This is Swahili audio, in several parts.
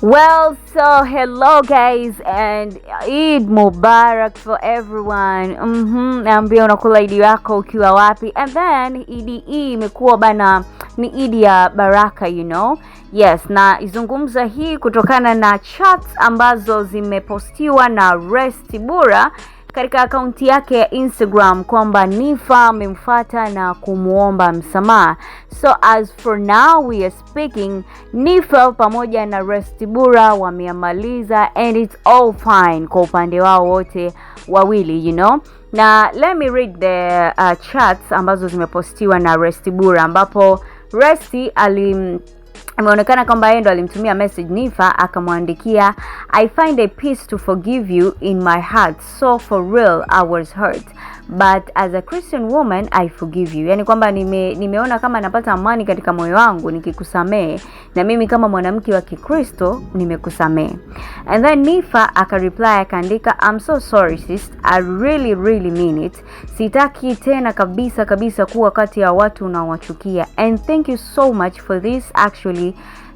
Well, so hello guys and Eid Mubarak for everyone. Mhm, naambia unakula idi yako ukiwa wapi? And then idi hii imekuwa bana ni idi ya baraka, you know. Yes, na izungumza hii kutokana na chats ambazo zimepostiwa na Rest Bura katika akaunti yake ya Instagram kwamba Nifa amemfuata na kumwomba msamaha. So as for now we are speaking, Nifa pamoja na Rest Bura wameamaliza and it's all fine kwa upande wao wote wawili you know na let me read the uh, chats ambazo zimepostiwa na Rest Bura ambapo Resti alim Imeonekana kwamba yeye ndo alimtumia message Nifa, akamwandikia I find a peace to forgive you in my heart, so for real I was hurt but as a Christian woman I forgive you. Yani kwamba nime, nimeona kama napata amani katika moyo wangu nikikusamehe, na mimi kama mwanamke wa Kikristo nimekusamehe. And then Nifa akareply akaandika I'm so sorry sis, I really really mean it. Sitaki tena kabisa kabisa kuwa kati ya watu unaowachukia and thank you so much for this actually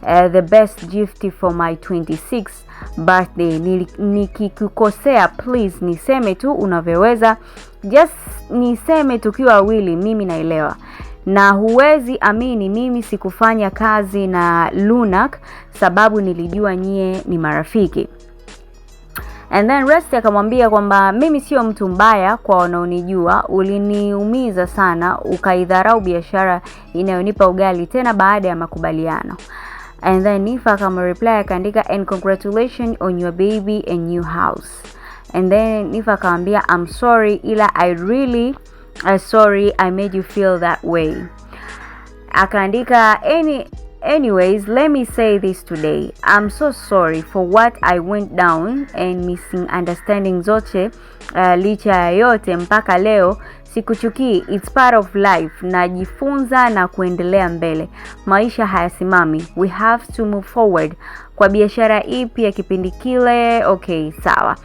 uh, the best gift for my 26 birthday. Nikikukosea please niseme tu unavyoweza, just niseme tukiwa wawili, mimi naelewa na huwezi amini, mimi sikufanya kazi na Lunak sababu nilijua nyie ni marafiki. And then Rest akamwambia kwamba mimi sio mtu mbaya kwa wanaonijua, uliniumiza sana, ukaidharau biashara inayonipa ugali tena baada ya makubaliano. And then Nifa akamreply akaandika and congratulations on your baby and new house. And then Nifa akamwambia I'm sorry ila I really uh, sorry I made you feel that way. Akaandika any Anyways, let me say this today. I'm so sorry for what I went down and understanding zote. Uh, licha ya yote mpaka leo sikuchukii, it's part of life. Najifunza na kuendelea mbele, maisha hayasimami, we have to move forward. Kwa biashara ipi ya kipindi kile? Okay, sawa,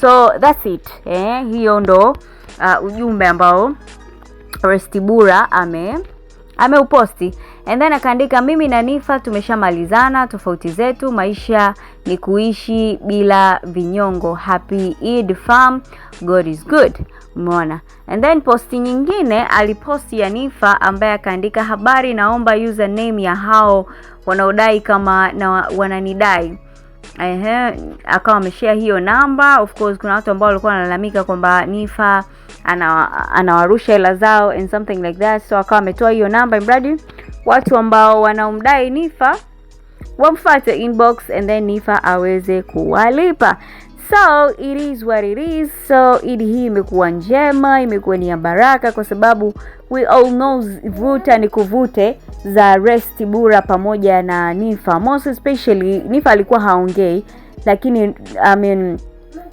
so that's it eh, hiyo ndo uh, ujumbe ambao Restibura ame ameuposti and then akaandika, mimi na Nifa tumeshamalizana tofauti zetu, maisha ni kuishi bila vinyongo. Happy Eid fam, God is good. Umeona? And then posti nyingine aliposti ya nifa ambaye akaandika, habari, naomba username ya hao wanaodai kama na wananidai ehe, akawa ameshare hiyo namba. Of course kuna watu ambao walikuwa wanalalamika kwamba Nifa anawarusha ana hela zao and something like that, so akawa ametoa hiyo namba mradi watu ambao wanaomdai Nifa wamfuate inbox and then Nifa aweze kuwalipa. So it is what it is. So Eid hii imekuwa njema, imekuwa ni ya baraka, kwa sababu we all know vuta ni kuvute za Rest Bura pamoja na Nifa. Most especially Nifa alikuwa haongei, lakini I mean,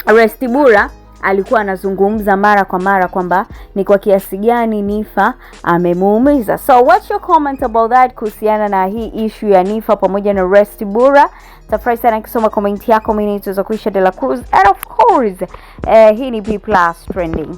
Rest Bura alikuwa anazungumza mara kwa mara kwamba ni kwa kiasi gani Nifa amemuumiza. So what's your comment about that kuhusiana na hii issue ya Nifa pamoja na Rest Bura? Tafurahi sana kusoma comment yako. Mimi naitwa Zakuisha De La Cruz and of course eh, hii ni B+ trending.